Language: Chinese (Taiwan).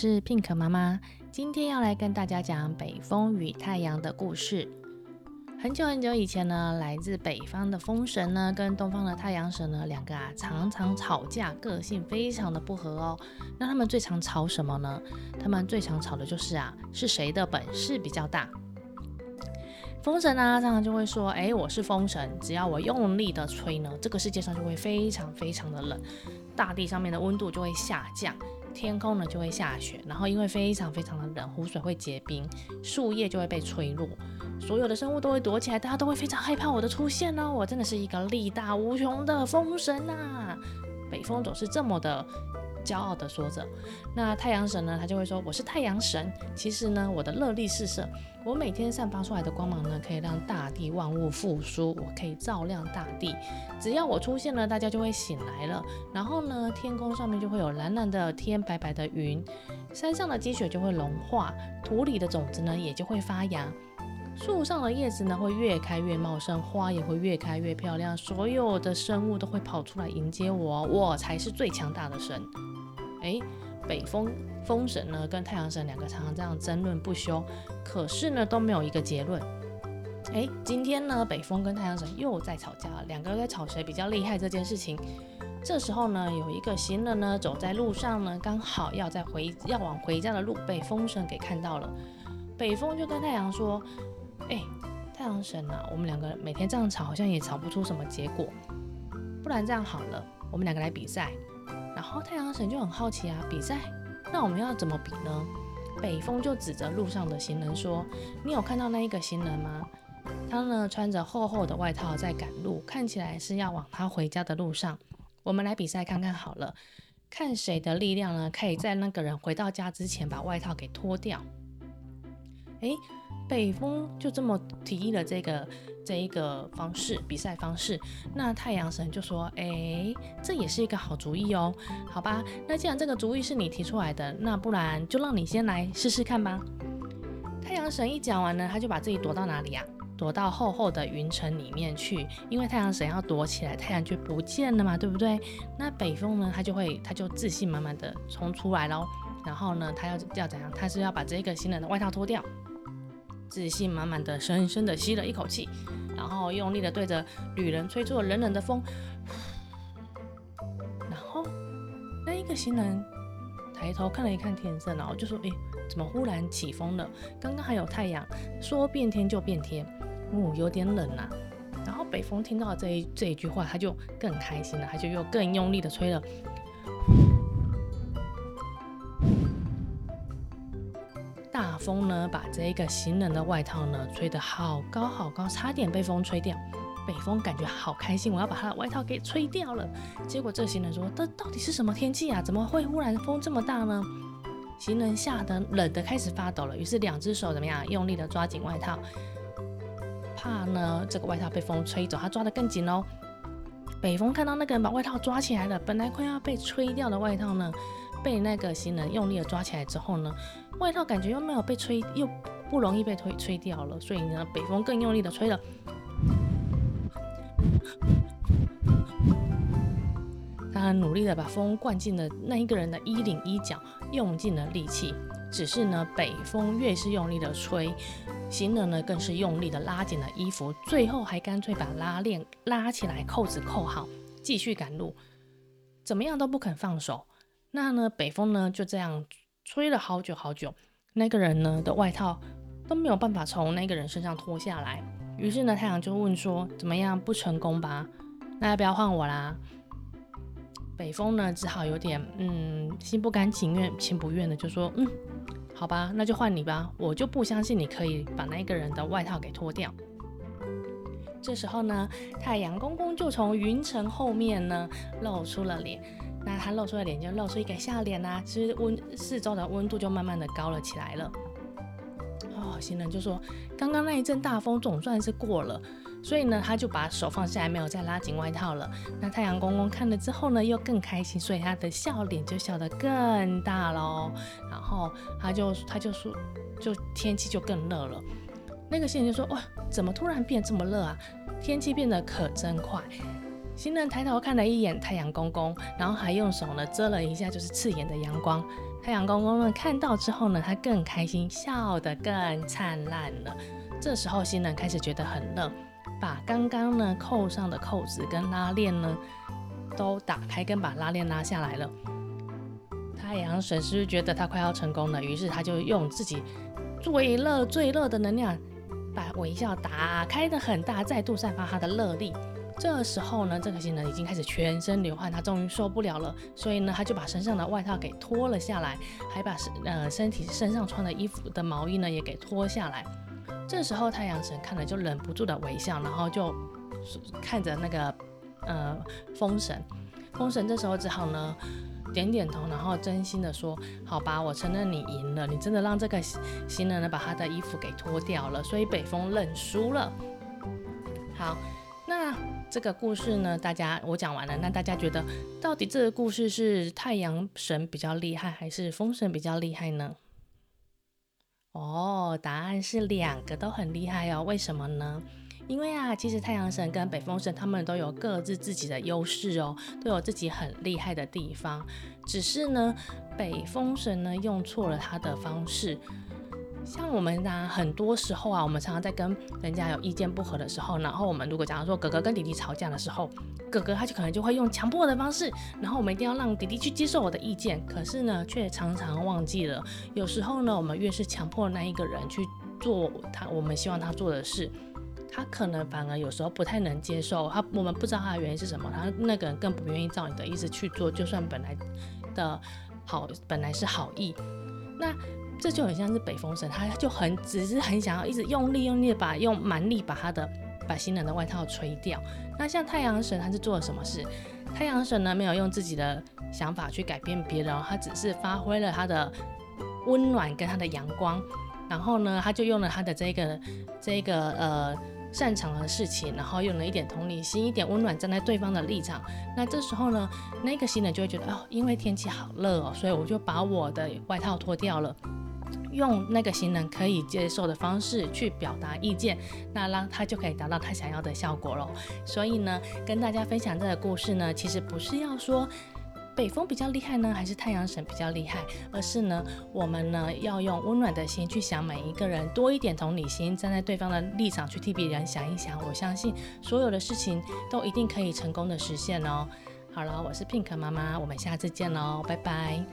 是 Pink 媽媽，今天要來跟大家講北風與太陽的故事。很久很久以前呢，來自北方的風神呢，跟東方的太陽神呢，兩個啊常常吵架，個性非常的不合哦。那他們最常吵什麼呢？他們最常吵的就是啊，是誰的本事比較大？風神呢，啊，常常就會說：“誒，我是風神，只要我用力的吹呢，這個世界上就會非常非常的冷，大地上面的溫度就會下降。”天空呢就會下雪，然後因為非常非常的冷，湖水會結冰，樹葉就會被吹落，所有的生物都會躲起來，大家都會非常害怕我的出現哦！我真的是一個力大無窮的風神吶、啊，北風總是這麼的。驕傲地說着，那太陽神呢？他就會說：“我是太陽神。其實呢，我的熱力四射，我每天散發出來的光芒呢，可以讓大地萬物復蘇，我可以照亮大地。只要我出現了，大家就會醒來了。然後呢，天空上面就會有藍藍的天、白白的雲，山上的積雪就會融化，土裡的種子呢，也就會發芽。”樹上的葉子呢，會越開越茂盛，花也會越開越漂亮，所有的生物都會跑出來迎接我，我才是最強大的神。誒，北風風神呢跟太陽神兩個常常這樣爭論不休，可是呢都沒有一個結論。誒，今天呢北風跟太陽神又在吵架了，兩個在吵誰比較厲害這件事情。這時候呢，有一個行人呢走在路上呢，剛好要在回要往回家的路，被風神給看到了，北風就跟太陽說。誒，太陽神吶，我們兩個每天這樣吵，好像也吵不出什麼結果。不然這樣好了，我們兩個來比賽。然後太陽神就很好奇啊，比賽？那我們要怎麼比呢？北風就指着路上的行人說：“你有看到那一個行人嗎？他呢穿着厚厚的外套在趕路，看起來是要往他回家的路上。我們來比賽看看好了，看誰的力量呢可以在那個人回到家之前把外套給脫掉。”哎，北風就這麼提議了這個這一個方式、比賽方式，那太陽神就說，哎，這也是一個好主意哦。好吧，那既然這個主意是你提出來的，那不然就讓你先來試試看吧。太陽神一講完呢，他就把自己躲到哪裡呀？躲到厚厚的雲層裡面去。因為太陽神要躲起來，太陽就不見了嘛，對不對？那北風呢，他就會他就自信滿滿地衝出來嘍，然後呢，他要要怎樣？他是要把這個新人的外套脫掉。自信滿滿的，深深的吸了一口氣，然後用力的對着旅人吹出了冷冷的風。然後那一個行人抬頭看了一看天色，然後就說：“哎、欸，怎麼忽然起風了？剛剛還有太陽，說變天就變天。嗯，有點冷啊。”然後北風聽到這一這一句話，他就更開心了，他就又更用力的吹了。風呢，把這一個行人的外套呢吹得好高好高，差點被風吹掉。北風感覺好開心，我要把他的外套給吹掉了。結果這行人說：“這到底是什麼天氣啊？怎麼會忽然風這麼大呢？”行人嚇得冷得開始發抖了，於是兩隻手怎麼樣，用力的抓緊外套，怕呢這個外套被風吹走，他抓得更緊哦，北風看到那個人把外套抓起來了，本來快要被吹掉的外套呢。被那個行人用力的抓起來之後呢，外套感覺又沒有被吹，又不容易被吹掉了，所以呢，北風更用力的吹了。他很努力的把風灌進了那一個人的衣領、衣角，用盡了力氣。只是呢，北風越是用力的吹，行人呢更是用力的拉緊了衣服，最後還乾脆把拉鏈拉起來，釦子釦好，繼續趕路，怎麼樣都不肯放手。那呢，北風呢就這樣吹了好久好久，那個人呢的外套都沒有辦法從那個人身上脫下來。於是呢，太陽就問說：“怎麼樣？不成功吧？那要不要換我啦？”北風呢只好有點嗯，心不甘情願，情不願的就說：“嗯，好吧，那就換你吧，我就不相信你可以把那個人的外套給脫掉。”這時候呢，太陽公公就從雲層後面呢露出了臉。那他露出了臉就露，所以給笑臉啦、啊。其實溫四周的溫度就慢慢的高了起來了。哦，行人就說，剛剛那一陣大風總算是過了，所以呢，他就把手放下來，沒有再拉緊外套了。那太陽公公看了之後呢，又更開心，所以他的笑臉就笑得更大嘍。然後他就他就說，就天氣就更熱了。那個行人就說，哇、哦，怎麼突然變這麼熱啊？天氣變得可真快。新人抬頭看了一眼太陽公公，然後還用手呢遮了一下，就是刺眼的陽光。太陽公公呢看到之後呢，他更開心，笑得更燦爛了。這時候新人開始覺得很熱，把剛剛呢扣上的扣子跟拉鏈呢都打開，跟把拉鏈拉下來了。太陽神是覺得他快要成功了，於是他就用自己最熱最熱的能量，把微笑打開得很大，再度散發他的熱力。這時候呢，這個行人已經開始全身流汗，他終於受不了了，所以呢，他就把身上的外套給脫了下來，還把身呃身體身上穿的衣服的毛衣呢也給脫下來。這時候太陽神看了就忍不住的微笑，然後就看着那個呃風神，風神這時候只好呢點點頭，然後真心的說：“好吧，我承認你贏了，你真的讓這個行人呢把他的衣服給脫掉了，所以北風認輸了。”好。那這個故事呢，大家我講完了，那大家覺得到底這個故事是太陽神比較厲害，還是風神比較厲害呢？哦，答案是兩個都很厲害哦。為什麼呢？因為啊，其實太陽神跟北風神他們都有各自自己的優勢哦，都有自己很厲害的地方。只是呢，北風神呢，用錯了他的方式。像我們呢，很多時候啊，我們常常在跟人家有意見不合的時候，然後我們如果假如說哥哥跟弟弟吵架的時候，哥哥他就可能就會用強迫的方式，然後我們一定要讓弟弟去接受我的意見，可是呢，卻常常忘記了，有時候呢，我們越是強迫那一個人去做他，我們希望他做的事，他可能反而有時候不太能接受，他我們不知道他的原因是什麼，他那個人更不願意照你的意思去做，就算本來的好，本來是好意，那。這就很像是北風神，他就很只是很想要一直用力用力把用蠻力把他的把新人的外套吹掉。那像太陽神他是做了什麼事？太陽神呢，沒有用自己的想法去改變別人哦，他只是發揮了他的溫暖跟他的陽光。然後呢，他就用了他的這個這個呃擅長的事情，然後用了一點同理心，一點溫暖，站在對方的立場。那這時候呢，那個新人就會覺得哦，因為天氣好熱哦，所以我就把我的外套脫掉了。用那個行人可以接受的方式去表達意見，那讓他就可以達到他想要的效果嘍。所以呢，跟大家分享這個故事呢，其實不是要說北風比較厲害呢，還是太陽神比較厲害，而是呢，我們呢要用溫暖的心去想每一個人，多一點同理心，站在對方的立場去替別人想一想。我相信所有的事情都一定可以成功的實現哦。好了，我是 Pink 媽媽，我們下次見嘍，拜拜。